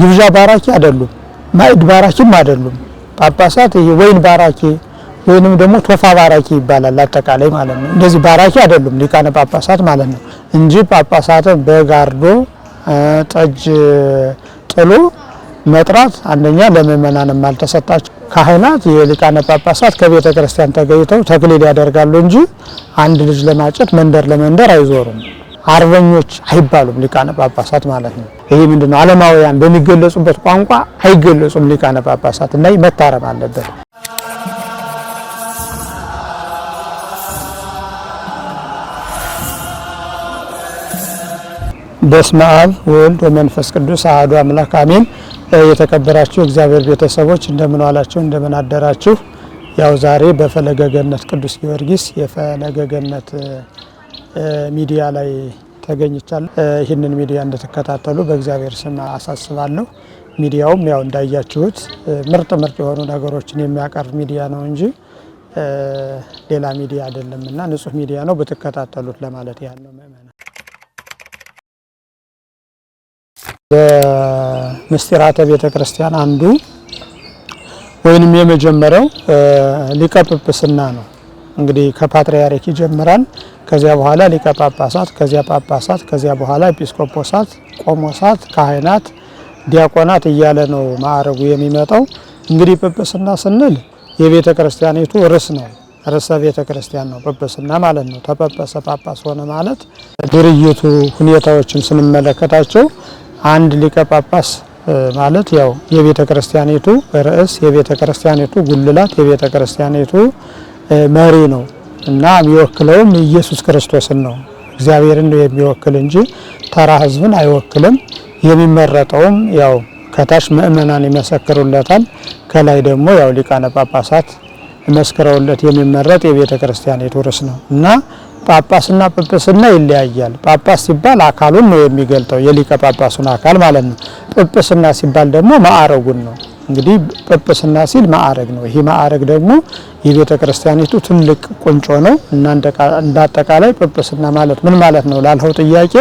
ግብዣ ባራኪ አይደሉም፣ ማዕድ ባራኪም አይደሉም። ጳጳሳት ወይን ባራኪ ወይንም ደግሞ ቶፋ ባራኪ ይባላል አጠቃላይ ማለት ነው። እንደዚህ ባራኪ አይደሉም ሊቃነ ጳጳሳት ማለት ነው እንጂ ጳጳሳትን በጋርዶ ጠጅ ጥሎ መጥራት አንደኛ ለምእመናንም አልተሰጣቸው። ካህናት የሊቃነ ጳጳሳት ከቤተ ክርስቲያን ተገኝተው ተክሊል ያደርጋሉ እንጂ አንድ ልጅ ለማጨት መንደር ለመንደር አይዞሩም። አርበኞች አይባሉም ሊቃነ ጳጳሳት ማለት ነው። ይህ ምንድን ነው? ዓለማውያን በሚገለጹበት ቋንቋ አይገለጹም ሊቃነ ጳጳሳት እና መታረም አለበት። በስመ አብ ወልድ ወመንፈስ ቅዱስ አሐዱ አምላክ አሜን። የተከበራችሁ እግዚአብሔር ቤተሰቦች እንደምን ዋላችሁ? እንደምን አደራችሁ? ያው ዛሬ በፈለገ ገነት ቅዱስ ጊዮርጊስ የፈለገ ገነት ሚዲያ ላይ ተገኝቻለሁ። ይህንን ሚዲያ እንደተከታተሉ በእግዚአብሔር ስም አሳስባለሁ። ሚዲያውም ያው እንዳያችሁት ምርጥ ምርጥ የሆኑ ነገሮችን የሚያቀርብ ሚዲያ ነው እንጂ ሌላ ሚዲያ አይደለም እና ንጹህ ሚዲያ ነው ብትከታተሉት ለማለት ያህል ነው። ምእመናን በምስጢራተ ቤተ ክርስቲያን አንዱ ወይንም የመጀመሪያው ሊቀ ጵጵስና ነው። እንግዲህ ከፓትርያርክ ይጀምራል። ከዚያ በኋላ ሊቀ ጳጳሳት፣ ከዚያ ጳጳሳት፣ ከዚያ በኋላ ኤጲስቆጶሳት፣ ቆሞሳት፣ ካህናት፣ ዲያቆናት እያለ ነው ማዕረጉ የሚመጣው። እንግዲህ ጵጵስና ስንል የቤተ ክርስቲያኒቱ ርስ ነው፣ ርዕሰ ቤተ ክርስቲያን ነው ጵጵስና ማለት ነው። ተጳጳሰ ጳጳስ ሆነ ማለት ድርይቱ ሁኔታዎችን ስንመለከታቸው አንድ ሊቀ ጳጳስ ማለት ያው የቤተ ክርስቲያኒቱ ርዕስ፣ የቤተ ክርስቲያኒቱ ጉልላት፣ የቤተ ክርስቲያኒቱ መሪ ነው። እና የሚወክለውም ኢየሱስ ክርስቶስን ነው። እግዚአብሔርን ነው የሚወክል እንጂ ተራ ህዝብን አይወክልም። የሚመረጠውም ያው ከታች ምእመናን ይመሰክሩለታል፣ ከላይ ደግሞ ያው ሊቃነ ጳጳሳት መስክረውለት የሚመረጥ የቤተ ክርስቲያን ርዕስ ነው እና ጳጳስና ጵጵስና ይለያያል። ጳጳስ ሲባል አካሉን ነው የሚገልጠው የሊቀ ጳጳሱን አካል ማለት ነው። ጵጵስና ሲባል ደግሞ ማዕረጉን ነው እንግዲህ ጵጵስና ሲል ማዕረግ ነው። ይሄ ማዕረግ ደግሞ የቤተ ክርስቲያኒቱ ትልቅ ቁንጮ ነው እና እንዳጠቃላይ ጵጵስና ማለት ምን ማለት ነው ላልኸው ጥያቄ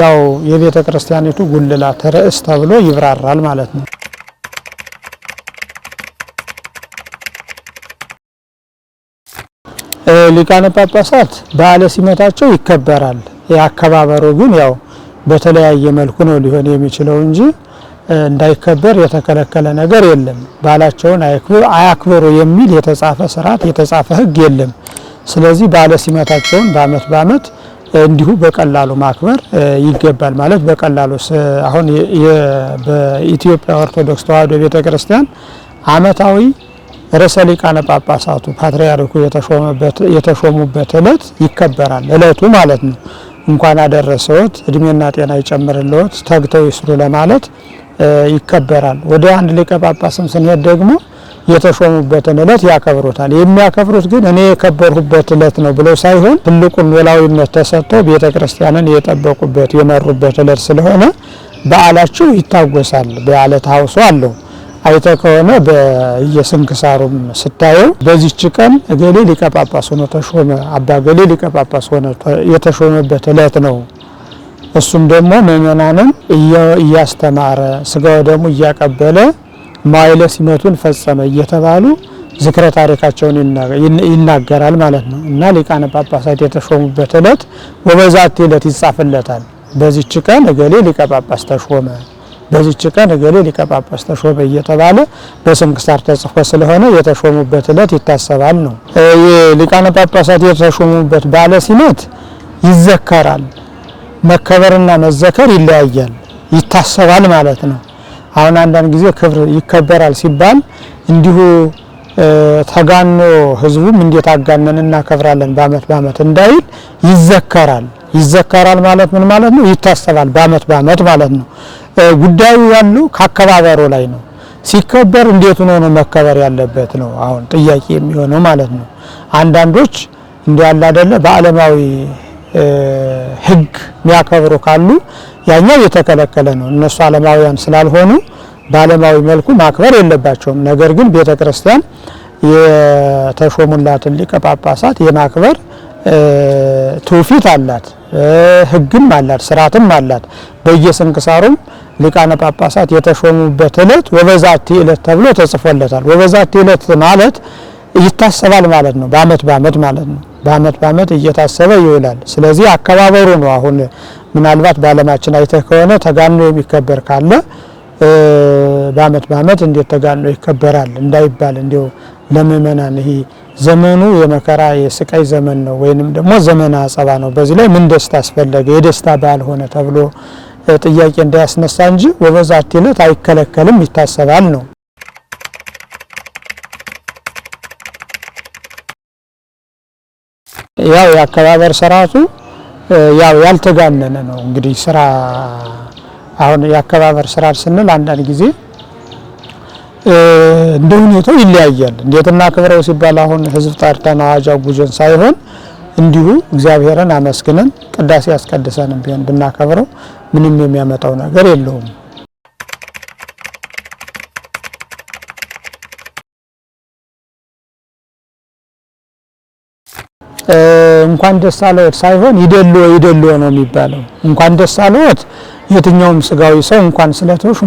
ያው የቤተ ክርስቲያኒቱ ጉልላት ርዕስ ተብሎ ይብራራል ማለት ነው። ሊቃነ ጳጳሳት በዓለ ሲመታቸው ይከበራል። የአከባበሩ ግን ያው በተለያየ መልኩ ነው ሊሆን የሚችለው እንጂ እንዳይከበር የተከለከለ ነገር የለም። ባላቸውን አያክብሩ የሚል የተጻፈ ስርዓት የተጻፈ ህግ የለም። ስለዚህ ባለ ሲመታቸውን በአመት በአመት እንዲሁ በቀላሉ ማክበር ይገባል። ማለት በቀላሉ አሁን በኢትዮጵያ ኦርቶዶክስ ተዋህዶ ቤተ ክርስቲያን አመታዊ ርዕሰ ሊቃነ ጳጳሳቱ ፓትርያርኩ የተሾሙበት እለት ይከበራል። እለቱ ማለት ነው። እንኳን አደረሰዎት፣ እድሜና ጤና ይጨምርልዎት፣ ተግተው ይስሩ ለማለት ይከበራል። ወደ አንድ ሊቀ ጳጳስም ስንሄድ ደግሞ የተሾሙበትን እለት ያከብሩታል። የሚያከብሩት ግን እኔ የከበርሁበት እለት ነው ብለው ሳይሆን ትልቁን ኖላዊነት ተሰጥቶ ቤተ ክርስቲያንን የጠበቁበት የመሩበት እለት ስለሆነ በዓላቸው ይታወሳል። በዓለ ታውሶ አለው አይተ ከሆነ በየስንክሳሩም ስታየው በዚች ቀን እገሌ ሊቀ ጳጳስ ሆኖ ተሾመ፣ አባ ገሌ ሊቀ ጳጳስ ሆነ የተሾመበት እለት ነው እሱም ደግሞ ምእመናንን እያስተማረ ስጋው ደግሞ እያቀበለ ማይለ ሲመቱን ፈጸመ እየተባሉ ዝክረ ታሪካቸውን ይናገራል ማለት ነው እና ሊቃነ ጳጳሳት የተሾሙበት እለት ወበዛቲ ዕለት ይጻፍለታል። በዚች ቀን እገሌ ሊቀ ጳጳስ ተሾመ፣ በዚች ቀን እገሌ ሊቀ ጳጳስ ተሾመ እየተባለ በስንክሳር ተጽፎ ስለሆነ የተሾሙበት እለት ይታሰባል ነው። ሊቃነ ጳጳሳት የተሾሙበት በዓለ ሲመት ይዘከራል። መከበርና መዘከር ይለያያል፣ ይታሰባል ማለት ነው። አሁን አንዳንድ ጊዜ ክብር ይከበራል ሲባል እንዲሁ ተጋኖ ህዝቡም እንዴት አጋነን እናከብራለን በአመት በአመት እንዳይል ይዘከራል። ይዘከራል ማለት ምን ማለት ነው? ይታሰባል በአመት በአመት ማለት ነው። ጉዳዩ ያሉ ከአከባበሩ ላይ ነው። ሲከበር እንዴት ሆኖ ነው መከበር ያለበት ነው አሁን ጥያቄ የሚሆነው ማለት ነው። አንዳንዶች እንዲያለ አይደለ በአለማዊ ህግ የሚያከብሩ ካሉ ያኛው የተከለከለ ነው። እነሱ ዓለማውያን ስላልሆኑ በአለማዊ መልኩ ማክበር የለባቸውም። ነገር ግን ቤተ ክርስቲያን የተሾሙላትን ሊቀ ጳጳሳት የማክበር ትውፊት አላት፣ ህግም አላት፣ ስርዓትም አላት። በየስንክሳሩም ሊቃነ ጳጳሳት የተሾሙበት እለት ወበዛቲ እለት ተብሎ ተጽፎለታል። ወበዛቲ እለት ማለት ይታሰባል ማለት ነው። በአመት በአመት ማለት ነው። በአመት በአመት እየታሰበ ይውላል። ስለዚህ አከባበሩ ነው። አሁን ምናልባት በአለማችን አይተህ ከሆነ ተጋኖ የሚከበር ካለ በአመት በአመት እንዴት ተጋኖ ይከበራል እንዳይባል እንዲው ለምእመናን ይሄ ዘመኑ የመከራ የስቃይ ዘመን ነው፣ ወይንም ደግሞ ዘመን አጸባ ነው። በዚህ ላይ ምን ደስታ አስፈለገ የደስታ በዓል ሆነ ተብሎ ጥያቄ እንዳያስነሳ እንጂ ወበዛቲ ዕለት አይከለከልም፣ ይታሰባል ነው። ያው የአከባበር ስርዓቱ ያው ያልተጋነነ ነው። እንግዲህ ስራ አሁን የአከባበር ስራ ስንል አንዳንድ ጊዜ እንደ ሁኔታው ይለያያል። እንዴት ክብረው ሲባል አሁን ህዝብ ጠርተን አዋጅ አውጀን ሳይሆን እንዲሁ እግዚአብሔርን አመስግነን ቅዳሴ ያስቀድሰንም ቢሆን ብናከብረው ምንም የሚያመጣው ነገር የለውም። እንኳን ደስ አለዎት ሳይሆን ይደሎ ይደሎ ነው የሚባለው። እንኳን ደስ አለዎት የትኛውም ስጋዊ ሰው እንኳን ስለተውሽ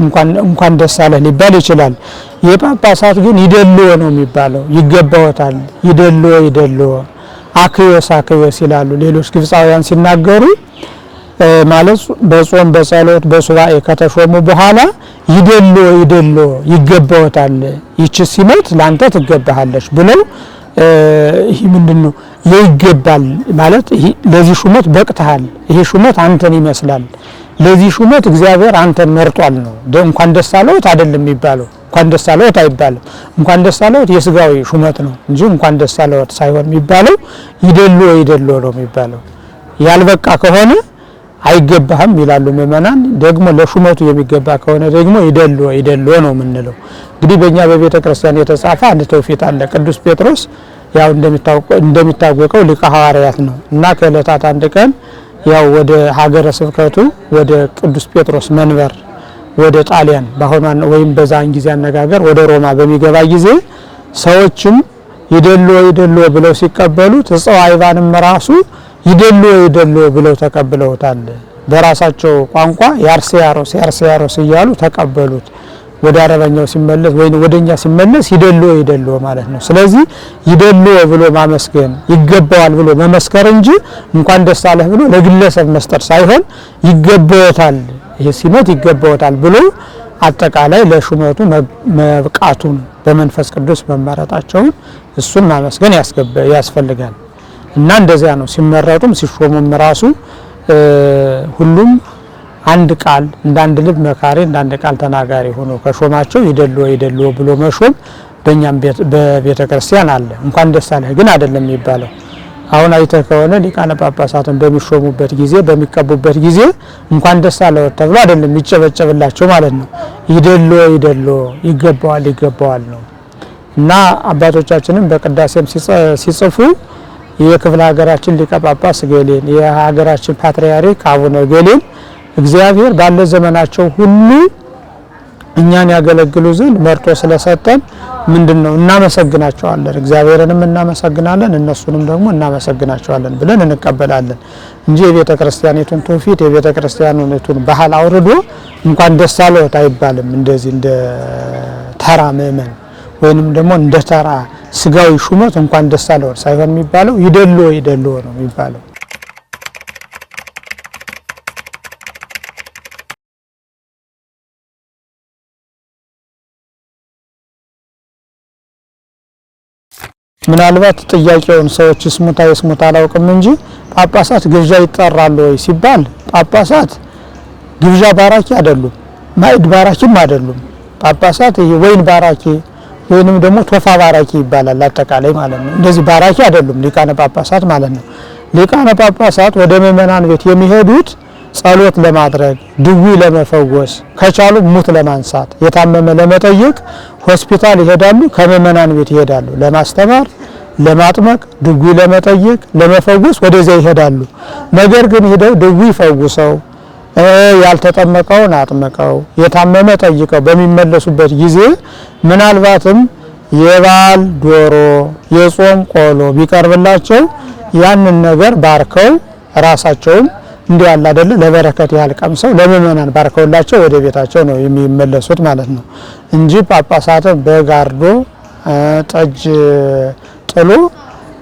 እንኳን ደስ አለህ ሊባል ይችላል። የጳጳሳት ግን ይደሎ ነው የሚባለው። ይገባዎታል። ይደሎ ይደሎ አክዮስ አክዮስ ይላሉ ሌሎች ግብፃውያን ሲናገሩ ማለት በጾም በጸሎት በሱባኤ ከተሾሙ በኋላ ይደሎ ይደሎ ይገባዎታል፣ ይቺ ሲሞት ላንተ ትገባሃለች ብለው ይህ ምንድን ነው ይገባል ማለት ለዚህ ሹመት በቅተሃል፣ ይሄ ሹመት አንተን ይመስላል፣ ለዚህ ሹመት እግዚአብሔር አንተን መርጧል ነው። እንኳን ደስ አለዎት አይደለም የሚባለው። እንኳን ደስ አለዎት አይባልም። እንኳን ደስ አለዎት የስጋዊ ሹመት ነው እንጂ እንኳን ደስ አለዎት ሳይሆን የሚባለው ይደሎ ይደሎ ነው የሚባለው ያልበቃ ከሆነ አይገባህም ይላሉ ምእመናን። ደግሞ ለሹመቱ የሚገባ ከሆነ ደግሞ ይደሎ ይደሎ ነው የምንለው። እንግዲህ በእኛ በቤተ ክርስቲያን የተጻፈ አንድ ተውፊት አለ። ቅዱስ ጴጥሮስ ያው እንደሚታወቀው ሊቀ ሐዋርያት ነው እና ከእለታት አንድ ቀን ያው ወደ ሀገረ ስብከቱ ወደ ቅዱስ ጴጥሮስ መንበር ወደ ጣሊያን በአሁኗን ወይም በዛን ጊዜ አነጋገር ወደ ሮማ በሚገባ ጊዜ ሰዎችም ይደሎ ይደሎ ብለው ሲቀበሉት እፀዋ አይባንም ራሱ ይደሉ ይደሉ ብለው ተቀብለውታል። በራሳቸው ቋንቋ ያርሴ ያሮስ ያሮስ እያሉ ተቀበሉት። ወደ አረበኛው ሲመለስ ወይ ወደኛ ሲመለስ ይደሉ ይደሉ ማለት ነው። ስለዚህ ይደሉ ብሎ ማመስገን ይገባዋል ብሎ መመስከር እንጂ እንኳን ደስ አለህ ብሎ ለግለሰብ መስጠት ሳይሆን ይገባዎታል፣ ይሄ ሲመት ይገባዎታል ብሎ አጠቃላይ ለሹመቱ መብቃቱን በመንፈስ ቅዱስ መመረጣቸውን እሱን ማመስገን ያስፈልጋል። እና እንደዚያ ነው ሲመረጡም ሲሾሙም ራሱ ሁሉም አንድ ቃል እንደ አንድ ልብ መካሪ እንደ አንድ ቃል ተናጋሪ ሆኖ ከሾማቸው ይደሎ ይደሎ ብሎ መሾም በእኛም በቤተ ክርስቲያን አለ። እንኳን ደስ አለህ ግን አይደለም የሚባለው። አሁን አይተ ከሆነ ሊቃነ ጳጳሳትን በሚሾሙበት ጊዜ በሚቀቡበት ጊዜ እንኳን ደስ አለህ ተብሎ አይደለም ይጨበጨብላቸው ማለት ነው። ይደሎ ይደሎ ይገባዋል ይገባዋል ነው እና አባቶቻችንም በቅዳሴም ሲጽፉ የክፍለ ሀገራችን ሊቀ ጳጳስ ገሌን የሀገራችን ፓትርያርክ አቡነ ገሌን እግዚአብሔር ባለ ዘመናቸው ሁሉ እኛን ያገለግሉ ዘንድ መርጦ ስለሰጠን ምንድን ነው እናመሰግናቸዋለን። እግዚአብሔርንም እናመሰግናለን፣ እነሱንም ደግሞ እናመሰግናቸዋለን ብለን እንቀበላለን እንጂ የቤተ ክርስቲያኒቱን ትውፊት የቤተ ክርስቲያኒቱን ባህል አውርዶ እንኳን ደስ አለዎት አይባልም። እንደዚህ እንደ ተራ ምእመን ወይንም ደግሞ እንደ ተራ ስጋዊ ሹመት እንኳን ደስ አለው ሳይሆን የሚባለው ይደሎ ይደሎ ነው የሚባለው። ምናልባት ጥያቄውን ሰዎች ስሙታ የስሙታ አላውቅም እንጂ ጳጳሳት ግብዣ ይጠራሉ ወይ ሲባል ጳጳሳት ግብዣ ባራኪ አይደሉም፣ ማዕድ ባራኪም አይደሉም። ጳጳሳት ወይን ባራኪ ወይንም ደግሞ ቶፋ ባራኪ ይባላል አጠቃላይ ማለት ነው። እንደዚህ ባራኪ አይደሉም ሊቃነ ጳጳሳት ማለት ነው። ሊቃነ ጳጳሳት ወደ ምእመናን ቤት የሚሄዱት ጸሎት ለማድረግ ድዊ ለመፈወስ ከቻሉ ሙት ለማንሳት የታመመ ለመጠየቅ ሆስፒታል ይሄዳሉ፣ ከምእመናን ቤት ይሄዳሉ። ለማስተማር፣ ለማጥመቅ፣ ድዊ ለመጠየቅ፣ ለመፈወስ ወደዚያ ይሄዳሉ። ነገር ግን ሂደው ድዊ ፈውሰው ያልተጠመቀውን አጥምቀው፣ የታመመ ጠይቀው በሚመለሱበት ጊዜ ምናልባትም የባል ዶሮ፣ የጾም ቆሎ ቢቀርብላቸው ያንን ነገር ባርከው ራሳቸውም እንዲህ ያለ አይደለ ለበረከት ያህል ቀምሰው ለምእመናን ባርከውላቸው ወደ ቤታቸው ነው የሚመለሱት ማለት ነው እንጂ ጳጳሳትን በጋርዶ ጠጅ ጥሎ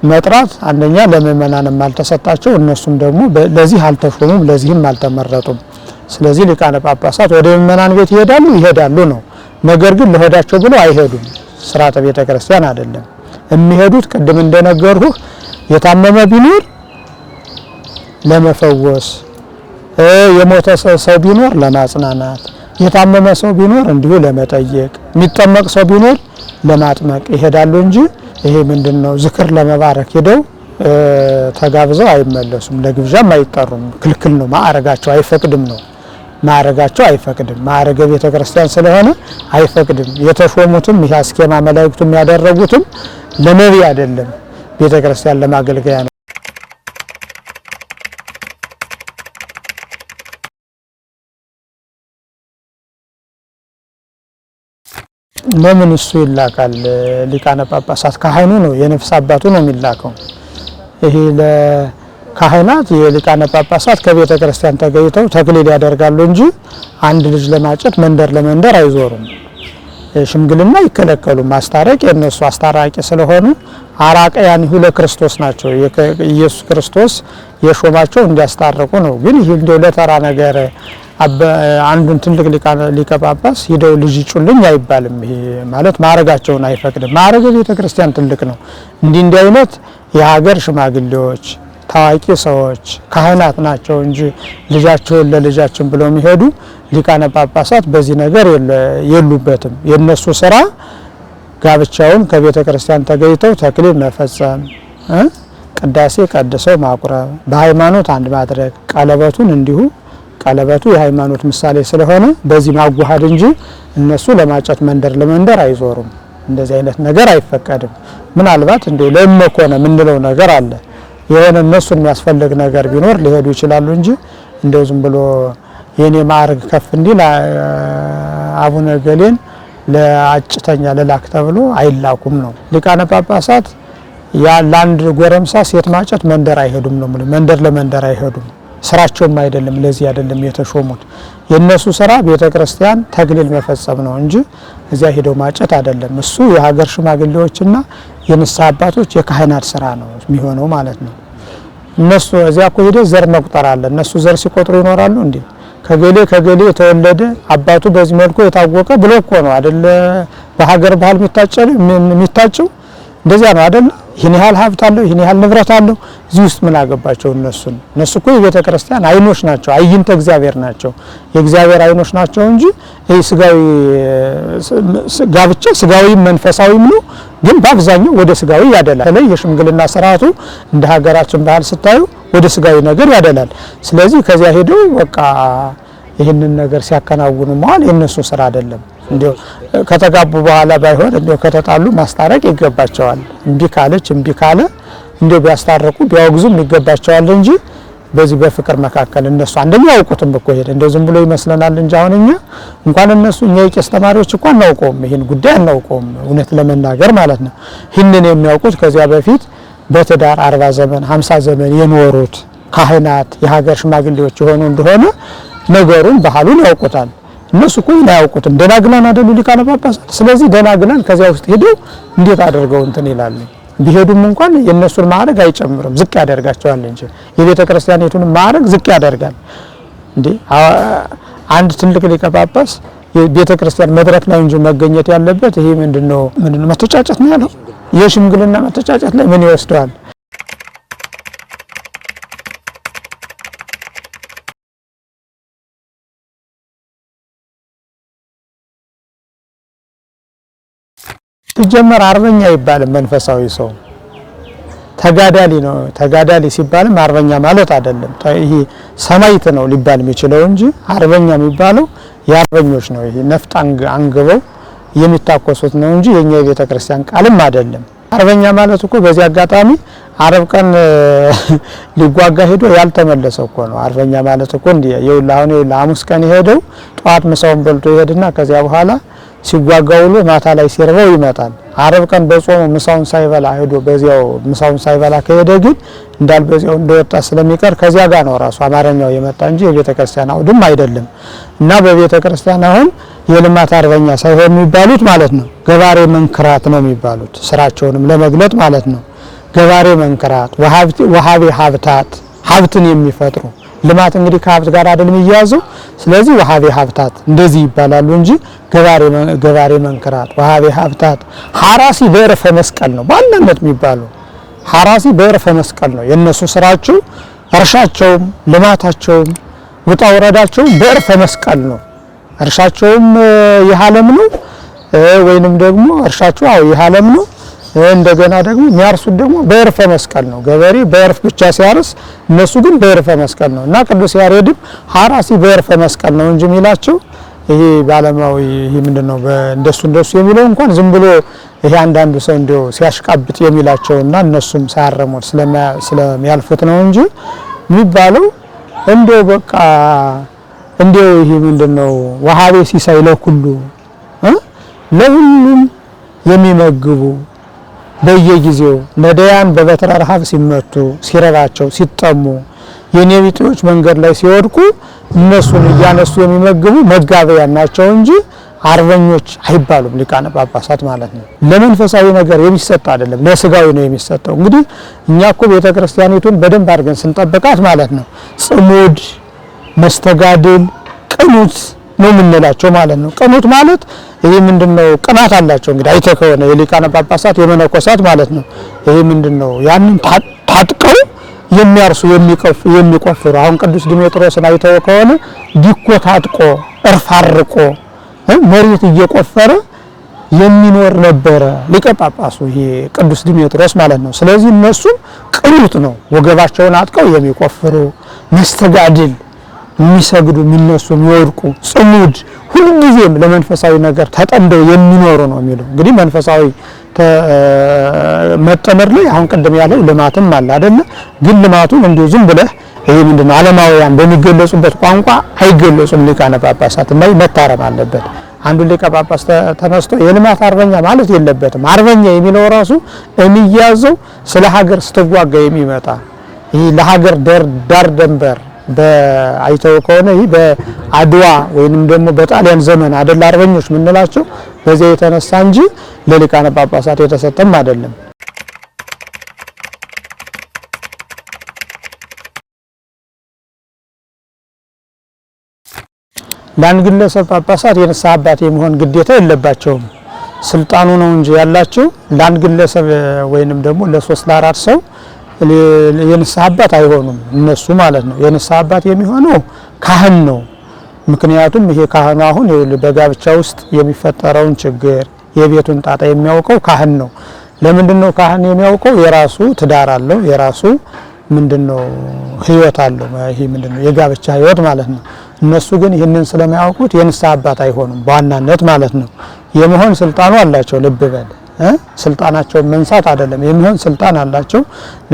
መጥራት አንደኛ ለምእመናንም አልተሰጣቸው፣ እነሱም ደግሞ ለዚህ አልተሾሙም፣ ለዚህም አልተመረጡም። ስለዚህ ሊቃነ ጳጳሳት ወደ ምእመናን ቤት ይሄዳሉ ይሄዳሉ ነው። ነገር ግን ለሆዳቸው ብሎ አይሄዱም። ስርዓተ ቤተ ክርስቲያን አይደለም የሚሄዱት። ቅድም እንደነገርሁህ የታመመ ቢኖር ለመፈወስ፣ የሞተ ሰው ቢኖር ለማጽናናት፣ የታመመ ሰው ቢኖር እንዲሁ ለመጠየቅ፣ የሚጠመቅ ሰው ቢኖር ለማጥመቅ ይሄዳሉ እንጂ ይሄ ምንድን ነው ዝክር ለመባረክ ሄደው ተጋብዘው አይመለሱም። ለግብዣም አይጠሩም። ክልክል ነው። ማዕረጋቸው አይፈቅድም ነው ማዕረጋቸው አይፈቅድም። ማዕረገ ቤተ ክርስቲያን ስለሆነ አይፈቅድም። የተሾሙትም ይህ አስኬማ መላእክቱም ያደረጉትም ለነቢ አይደለም፣ ቤተ ክርስቲያን ለማገልገያ ነው። ለምን እሱ ይላካል? ሊቃነ ጳጳሳት ካህኑ ነው የነፍስ አባቱ ነው የሚላከው። ይሄ ለካህናት የሊቃነ ጳጳሳት ከቤተ ክርስቲያን ተገኝተው ተክሊል ያደርጋሉ እንጂ አንድ ልጅ ለማጨት መንደር ለመንደር አይዞሩም። ሽምግልና ይከለከሉ። ማስታረቅ የነሱ አስታራቂ ስለሆኑ አራቀያን ሁለ ለክርስቶስ ናቸው። ኢየሱስ ክርስቶስ የሾማቸው እንዲያስታርቁ ነው። ግን ይህ እንደው ለተራ ነገር አንዱን ትልቅ ሊቀ ጳጳስ ሂደው ልጅ ጩልኝ አይባልም። ይሄ ማለት ማዕረጋቸውን አይፈቅድም። ማረገ ቤተ ክርስቲያን ትልቅ ነው። እንዲህ እንዲህ አይነት የሀገር ሽማግሌዎች፣ ታዋቂ ሰዎች፣ ካህናት ናቸው እንጂ ልጃቸውን ለልጃችን ብለው የሚሄዱ ሊቃነ ጳጳሳት በዚህ ነገር የሉበትም። የእነሱ ስራ ጋብቻውን ከቤተ ክርስቲያን ተገኝተው ተክሊል መፈጸም ቅዳሴ ቀድሰው ማቁረብ፣ በሃይማኖት አንድ ማድረግ፣ ቀለበቱን እንዲሁ ቀለበቱ የሃይማኖት ምሳሌ ስለሆነ በዚህ ማጓሃድ እንጂ እነሱ ለማጨት መንደር ለመንደር አይዞሩም። እንደዚህ አይነት ነገር አይፈቀድም። ምናልባት እንዲ ለመኮነ የምንለው ነገር አለ የሆነ እነሱን የሚያስፈልግ ነገር ቢኖር ሊሄዱ ይችላሉ እንጂ እንደው ዝም ብሎ የኔ ማዕረግ ከፍ እንዲል አቡነ ገሌን ለአጭተኛ ለላክ ተብሎ አይላኩም ነው። ሊቃነ ጳጳሳት ለአንድ ጎረምሳ ሴት ማጨት መንደር አይሄዱም ነው። መንደር ለመንደር አይሄዱም። ስራቸውም አይደለም ለዚህ አይደለም የተሾሙት። የእነሱ ስራ ቤተ ክርስቲያን ተግሊል መፈጸም ነው እንጂ እዚያ ሄደው ማጨት አይደለም። እሱ የሀገር ሽማግሌዎችና የንስሐ አባቶች የካህናት ስራ ነው የሚሆነው ማለት ነው። እነሱ እዚያ እኮ ሄደ ዘር መቁጠር አለ። እነሱ ዘር ሲቆጥሩ ይኖራሉ እንዴ? ከገሌ ከገሌ የተወለደ አባቱ በዚህ መልኩ የታወቀ ብሎ እኮ ነው አደለ? በሀገር ባህል የሚታጨው እንደዚያ ነው አደለ? ይህን ያህል ሀብት አለው፣ ይህን ያህል ንብረት አለው። እዚህ ውስጥ ምን አገባቸው እነሱን? እነሱ እኮ የቤተ ክርስቲያን አይኖች ናቸው፣ አይንተ እግዚአብሔር ናቸው፣ የእግዚአብሔር አይኖች ናቸው እንጂ ይህ ስጋዊ ጋብቻ ስጋዊም መንፈሳዊም ነው፣ ግን በአብዛኛው ወደ ስጋዊ ያደላል። በተለይ የሽምግልና ስርዓቱ እንደ ሀገራችን ባህል ስታዩ ወደ ስጋዊ ነገር ያደላል። ስለዚህ ከዚያ ሄደው በቃ ይህንን ነገር ሲያከናውኑ መዋል የእነሱ ስራ አይደለም። እንዲሁ ከተጋቡ በኋላ ባይሆን እንዲያው ከተጣሉ ማስታረቅ ይገባቸዋል። እምቢ ካለች እምቢ ካለ እንዲያው ቢያስታረቁ ቢያወግዙም ይገባቸዋል እንጂ በዚህ በፍቅር መካከል እነሱ አንደኛ ያውቁትም እኮ ይሄ እንደው ዝም ብሎ ይመስለናል እንጂ አሁን እኛ እንኳን እነሱ እኛ የቄስ ተማሪዎች እኮ አናውቀውም፣ ይህን ጉዳይ አናውቀውም። እውነት ለመናገር ማለት ነው። ይህንን የሚያውቁት ከዚያ በፊት በትዳር አርባ ዘመን ሀምሳ ዘመን የኖሩት ካህናት፣ የሀገር ሽማግሌዎች የሆኑ እንደሆነ ነገሩን ባህሉን ያውቁታል። እነሱ እኮ ይህን አያውቁትም። ደናግላን አይደሉ ሊቃነ ጳጳሳት። ስለዚህ ደናግላን ከዚያ ውስጥ ሄደው እንዴት አድርገው እንትን ይላሉ። ቢሄዱም እንኳን የእነሱን ማዕረግ አይጨምርም፣ ዝቅ ያደርጋቸዋል እንጂ የቤተ ክርስቲያኒቱን ማዕረግ ዝቅ ያደርጋል። እንዴ አንድ ትልቅ ሊቀ ጳጳስ የቤተ ክርስቲያን መድረክ ላይ እንጂ መገኘት ያለበት ይሄ ምንድነው? ምንድነው መተጫጨት ነው ያለው። የሽምግልና መተጫጨት ላይ ምን ይወስደዋል? ሲጀመር አርበኛ አይባልም። መንፈሳዊ ሰው ተጋዳሊ ነው። ተጋዳሊ ሲባልም አርበኛ ማለት አይደለም። ይሄ ሰማይት ነው ሊባል የሚችለው እንጂ አርበኛ የሚባለው የአርበኞች ነው። ይሄ ነፍጥ አንግበው የሚታኮሱት ነው እንጂ የኛ የቤተ ክርስቲያን ቃልም አይደለም። አርበኛ ማለት እኮ በዚህ አጋጣሚ አረብ ቀን ሊጓጋ ሄዶ ያልተመለሰ እኮ ነው። አርበኛ ማለት እኮ እንዲህ ይኸውልህ፣ አሁን ይኸውልህ ሐሙስ ቀን የሄደው ጠዋት ምሳውን በልቶ ይሄድና ከዚያ በኋላ ሲዋጋው ውሎ ማታ ላይ ሲርበው ይመጣል። አርብ ቀን በጾሙ ምሳውን ሳይበላ ሄዶ በዚያው ምሳውን ሳይበላ ከሄደ ግን እንዳል በዚያው እንደወጣ ስለሚቀር ከዚያ ጋር ነው ራሱ አማርኛው የመጣ እንጂ የቤተ ክርስቲያን አውድም አይደለም እና በቤተ ክርስቲያን አሁን የልማት አርበኛ ሳይሆን የሚባሉት ማለት ነው ገባሬ መንክራት ነው የሚባሉት ስራቸውንም ለመግለጥ ማለት ነው ገባሬ መንክራት፣ ወሃቢ ሀብታት ሀብትን የሚፈጥሩ ልማት እንግዲህ ከሀብት ጋር አይደለም የሚያያዙ። ስለዚህ ወሃቤ ሀብታት እንደዚህ ይባላሉ እንጂ ገባሬ መንክራት፣ ወሃቤ ሀብታት፣ ሀራሲ በእርፈ መስቀል ነው በዋናነት የሚባሉ ሀራሲ በእርፈ መስቀል ነው የእነሱ ስራቸው። እርሻቸውም ልማታቸውም ውጣ ወረዳቸውም በእርፈ መስቀል ነው። እርሻቸውም የሀለም ነው ወይንም ደግሞ እርሻቸው አዎ የሀለም ነው እንደገና ደግሞ የሚያርሱት ደግሞ በእርፈ መስቀል ነው። ገበሬ በእርፍ ብቻ ሲያርስ፣ እነሱ ግን በእርፈ መስቀል ነው እና ቅዱስ ያሬድም ሀራሲ በእርፈ መስቀል ነው እንጂ የሚላቸው ይሄ ባለማዊ ይሄ ምንድን ነው እንደሱ እንደሱ የሚለው እንኳን ዝም ብሎ ይሄ አንዳንዱ ሰው እንዲያው ሲያሽቃብጥ የሚላቸውና እነሱም ሳያረሙት ስለሚያልፉት ነው እንጂ የሚባለው እንዲያው በቃ እንዲያው ይሄ ምንድን ነው ሲሳይ ለኩሉ ለሁሉም የሚመግቡ በየጊዜው ነዳያን በበትረ ረሃብ ሲመቱ፣ ሲረባቸው፣ ሲጠሙ የኔቢጤዎች መንገድ ላይ ሲወድቁ እነሱን እያነሱ የሚመግቡ መጋቢያን ናቸው እንጂ አርበኞች አይባሉም። ሊቃነ ጳጳሳት ማለት ነው። ለመንፈሳዊ ነገር የሚሰጥ አይደለም፣ ለስጋዊ ነው የሚሰጠው። እንግዲህ እኛ እኮ ቤተ ክርስቲያኒቱን በደንብ አድርገን ስንጠብቃት ማለት ነው ጽሙድ መስተጋድል ቅኑት ነው የምንላቸው ማለት ነው። ቀኑት ማለት ይሄ ምንድነው? ቅናት አላቸው እንግዲህ አይተ ከሆነ የሊቃነ ጳጳሳት የመነኮሳት ማለት ነው። ይሄ ምንድነው? ያንን ታጥቀው የሚያርሱ የሚቆፍሩ አሁን ቅዱስ ዲሜጥሮስን አይተው ከሆነ ዲኮ ታጥቆ እርፋርቆ መሬት እየቆፈረ የሚኖር ነበረ ሊቀ ጳጳሱ ይሄ ቅዱስ ዲሜጥሮስ ማለት ነው። ስለዚህ እነሱም ቅኑት ነው፣ ወገባቸውን አጥቀው የሚቆፍሩ መስተጋድል የሚሰግዱ፣ የሚነሱ፣ የሚወድቁ ጽሙድ ሁልጊዜም ለመንፈሳዊ ነገር ተጠምደው የሚኖሩ ነው የሚለው እንግዲህ መንፈሳዊ መጠመር ላይ አሁን ቅድም ያለው ልማትም አለ አይደለ? ግን ልማቱ እንዲሁ ዝም ብለህ ይሄ ምንድነው አለማውያን በሚገለጹበት ቋንቋ አይገለጹም ሊቃነ ጳጳሳት ላይ መታረም አለበት። አንዱ ሊቀ ጳጳስ ተነስቶ የልማት አርበኛ ማለት የለበትም። አርበኛ የሚለው ራሱ የሚያዘው ስለ ሀገር ስትዋጋ የሚመጣ ይህ ለሀገር ዳር ደንበር አይተው ከሆነ ይህ በአድዋ ወይንም ደግሞ በጣሊያን ዘመን አደል አርበኞች የምንላቸው በዚያ የተነሳ እንጂ ለሊቃነ ጳጳሳት የተሰጠም አይደለም። ለአንድ ግለሰብ ጳጳሳት የንስሐ አባት የመሆን ግዴታ የለባቸውም። ስልጣኑ ነው እንጂ ያላቸው ለአንድ ግለሰብ ወይንም ደግሞ ለሶስት ለአራት ሰው የንስሐ አባት አይሆኑም እነሱ ማለት ነው። የንስሐ አባት የሚሆነው ካህን ነው። ምክንያቱም ይሄ ካህኑ አሁን በጋብቻ ውስጥ የሚፈጠረውን ችግር የቤቱን ጣጣ የሚያውቀው ካህን ነው። ለምንድን ነው ካህን የሚያውቀው? የራሱ ትዳር አለው የራሱ ምንድነው ህይወት አለው። ይሄ ምንድነው የጋብቻ ህይወት ማለት ነው። እነሱ ግን ይህንን ስለማያውቁት የንስሐ አባት አይሆኑም በዋናነት ማለት ነው። የመሆን ስልጣኑ አላቸው። ልብ በል ስልጣናቸውን መንሳት አይደለም የሚሆን ስልጣን አላቸው።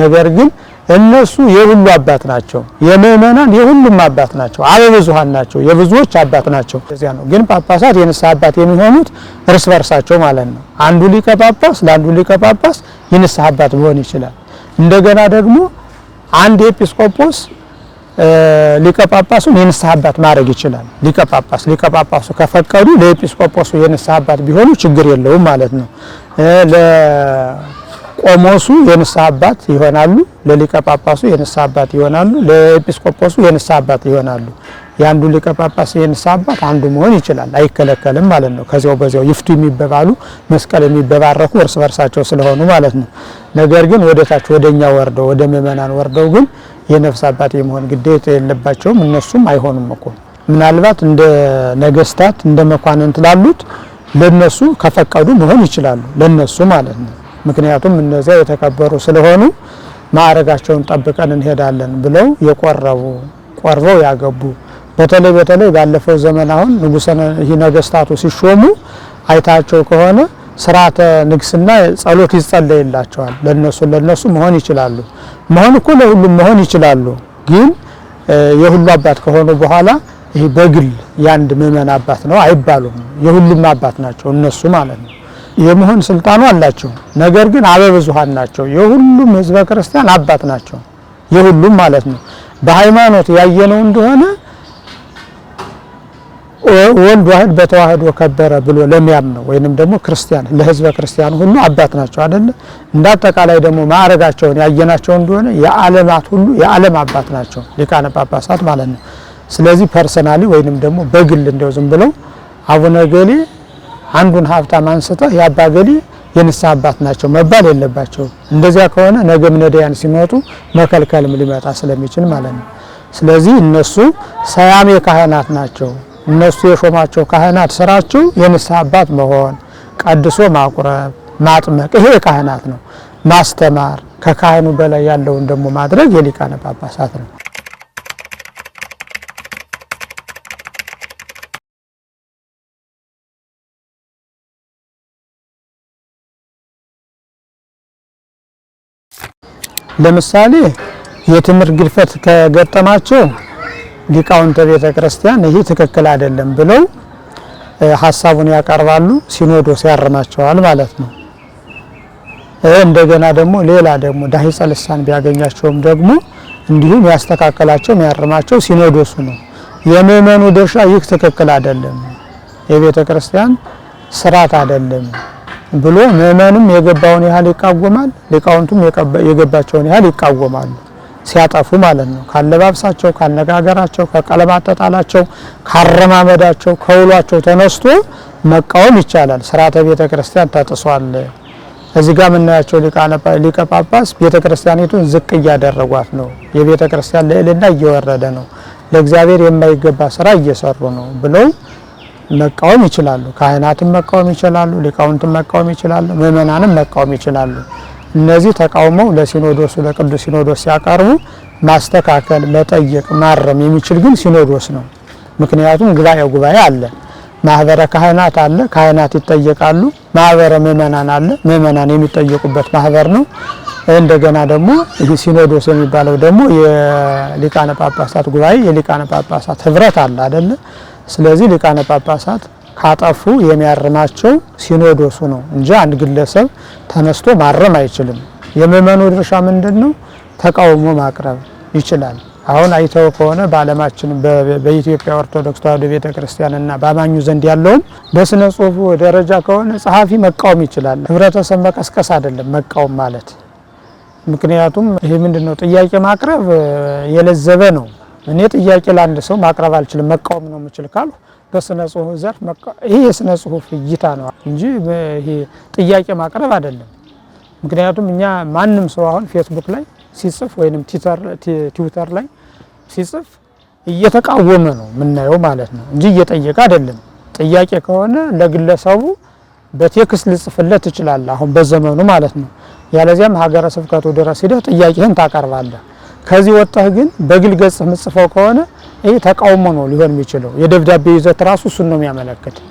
ነገር ግን እነሱ የሁሉ አባት ናቸው። የምእመናን የሁሉም አባት ናቸው። አበብዙሃን ናቸው። የብዙዎች አባት ናቸው። እዚያ ነው ግን ጳጳሳት የንስሐ አባት የሚሆኑት እርስ በርሳቸው ማለት ነው። አንዱ ሊቀ ጳጳስ ለአንዱ ሊቀ ጳጳስ የንስሐ አባት መሆን ይችላል። እንደገና ደግሞ አንድ ኤጲስቆጶስ ሊቀ ጳጳሱን የንስሐ አባት ማድረግ ይችላል። ሊቀ ጳጳስ ሊቀ ጳጳሱ ከፈቀዱ ለኤጲስቆጶሱ የንስሐ አባት ቢሆኑ ችግር የለውም ማለት ነው። ለቆሞሱ የንስሐ አባት ይሆናሉ፣ ለሊቀ ጳጳሱ የንስሐ አባት ይሆናሉ፣ ለኤጲስቆጶሱ የንስሐ አባት ይሆናሉ። የአንዱ ሊቀ ጳጳስ የንስሐ አባት አንዱ መሆን ይችላል፣ አይከለከልም ማለት ነው። ከዚያው በዚያው ይፍቱ የሚበባሉ መስቀል የሚበባረኩ እርስ በርሳቸው ስለሆኑ ማለት ነው። ነገር ግን ወደታች ወደኛ ወርደው ወደ ምእመናን ወርደው ግን የነፍስ አባት የመሆን ግዴታ የለባቸውም። እነሱም አይሆኑም እኮ ምናልባት እንደ ነገስታት እንደ መኳንንት ላሉት ለነሱ ከፈቀዱ መሆን ይችላሉ። ለነሱ ማለት ነው። ምክንያቱም እነዚያ የተከበሩ ስለሆኑ ማዕረጋቸውን ጠብቀን እንሄዳለን ብለው የቆረቡ ቆርበው ያገቡ በተለይ በተለይ ባለፈው ዘመን አሁን ንጉሰ ነገስታቱ ሲሾሙ አይታቸው ከሆነ ስርዓተ ንግስና ጸሎት ይጸለይላቸዋል። ለነሱ ለነሱ መሆን ይችላሉ። መሆን እኮ ለሁሉም መሆን ይችላሉ። ግን የሁሉ አባት ከሆኑ በኋላ ይሄ በግል የአንድ ምእመን አባት ነው አይባሉም። የሁሉም አባት ናቸው እነሱ ማለት ነው። የመሆን ስልጣኑ አላቸው። ነገር ግን አበብዙሃን ናቸው። የሁሉም ህዝበ ክርስቲያን አባት ናቸው። የሁሉም ማለት ነው። በሃይማኖት ያየነው እንደሆነ ወልድ ዋህድ በተዋህዶ ከበረ ብሎ ለሚያም ነው ወይንም ደግሞ ክርስቲያን ለህዝበ ክርስቲያኑ ሁሉ አባት ናቸው አይደለ? እንዳጠቃላይ ደግሞ ማዕረጋቸውን ያየናቸው እንደሆነ የዓለማት ሁሉ የዓለም አባት ናቸው ሊቃነ ጳጳሳት ማለት ነው። ስለዚህ ፐርሰናሊ ወይንም ደግሞ በግል እንደው ዝም ብለው አቡነ ገሌ አንዱን ሀብታም አንስተህ የአባ ገሌ የንስሐ አባት ናቸው መባል የለባቸው እንደዚያ ከሆነ ነገ ምነዳያን ሲመጡ መከልከልም ሊመጣ ስለሚችል ማለት ነው። ስለዚህ እነሱ ሰያሜ ካህናት ናቸው። እነሱ የሾማቸው ካህናት ስራቸው የንስሐ አባት መሆን፣ ቀድሶ ማቁረብ፣ ማጥመቅ፣ ይሄ የካህናት ነው። ማስተማር ከካህኑ በላይ ያለውን ደግሞ ማድረግ የሊቃነ ጳጳሳት ነው። ለምሳሌ የትምህርት ግድፈት ከገጠማቸው ሊቃውንተ ቤተ ክርስቲያን ይህ ትክክል አይደለም ብለው ሀሳቡን ያቀርባሉ። ሲኖዶስ ያርማቸዋል ማለት ነው። እንደገና ደግሞ ሌላ ደግሞ ዳሂጸ ልሳን ቢያገኛቸውም ደግሞ እንዲሁም ያስተካከላቸው ያርማቸው ሲኖዶሱ ነው። የምእመኑ ድርሻ ይህ ትክክል አይደለም፣ የቤተ ክርስቲያን ስርዓት አይደለም። ብሎ ምእመንም የገባውን ያህል ይቃወማል፣ ሊቃውንቱም የገባቸውን ያህል ይቃወማሉ። ሲያጠፉ ማለት ነው። ካለባብሳቸው፣ ካነጋገራቸው፣ ከቀለማጠጣላቸው፣ ካረማመዳቸው፣ ከውሏቸው ተነስቶ መቃወም ይቻላል። ስርዓተ ቤተ ክርስቲያን ተጥሷል። እዚህ ጋር የምናያቸው ሊቀ ጳጳስ ቤተ ክርስቲያኒቱን ዝቅ እያደረጓት ነው። የቤተ ክርስቲያን ልዕልና እየወረደ ነው። ለእግዚአብሔር የማይገባ ስራ እየሰሩ ነው ብለው መቃወም ይችላሉ። ካህናትም መቃወም ይችላሉ። ሊቃውንትም መቃወም ይችላሉ። ምእመናንም መቃወም ይችላሉ። እነዚህ ተቃውመው ለሲኖዶሱ ለቅዱስ ሲኖዶስ ሲያቀርቡ ማስተካከል፣ መጠየቅ፣ ማረም የሚችል ግን ሲኖዶስ ነው። ምክንያቱም ጉባኤ ጉባኤ አለ፣ ማህበረ ካህናት አለ፣ ካህናት ይጠየቃሉ። ማህበረ ምእመናን አለ፣ ምእመናን የሚጠየቁበት ማህበር ነው። እንደገና ደግሞ ይህ ሲኖዶስ የሚባለው ደግሞ የሊቃነ ጳጳሳት ጉባኤ የሊቃነ ጳጳሳት ህብረት አለ አይደለም። ስለዚህ ሊቃነ ጳጳሳት ካጠፉ የሚያርማቸው ሲኖዶሱ ነው እንጂ አንድ ግለሰብ ተነስቶ ማረም አይችልም። የምእመኑ ድርሻ ምንድን ነው? ተቃውሞ ማቅረብ ይችላል። አሁን አይተው ከሆነ በዓለማችን በኢትዮጵያ ኦርቶዶክስ ተዋሕዶ ቤተ ክርስቲያንና በአማኙ ዘንድ ያለውም በስነ ጽሁፉ ደረጃ ከሆነ ጸሐፊ መቃወም ይችላል። ህብረተሰብ መቀስቀስ አይደለም መቃወም ማለት። ምክንያቱም ይህ ምንድን ነው ጥያቄ ማቅረብ የለዘበ ነው። እኔ ጥያቄ ለአንድ ሰው ማቅረብ አልችልም፣ መቃወም ነው የምችል ካሉ በስነ ጽሁፍ ዘርፍ ይሄ የስነ ጽሁፍ እይታ ነው እንጂ ይሄ ጥያቄ ማቅረብ አይደለም። ምክንያቱም እኛ ማንም ሰው አሁን ፌስቡክ ላይ ሲጽፍ ወይም ትዊተር ላይ ሲጽፍ እየተቃወመ ነው የምናየው ማለት ነው እንጂ እየጠየቀ አይደለም። ጥያቄ ከሆነ ለግለሰቡ በቴክስት ልጽፍለት ትችላለህ፣ አሁን በዘመኑ ማለት ነው። ያለዚያም ሀገረ ስብከቱ ድረስ ሂደህ ጥያቄህን ታቀርባለህ። ከዚህ ወጣህ ግን በግል ገጽ የምጽፈው ከሆነ ይህ ተቃውሞ ነው ሊሆን የሚችለው። የደብዳቤ ይዘት ራሱ እሱን ነው የሚያመለክት።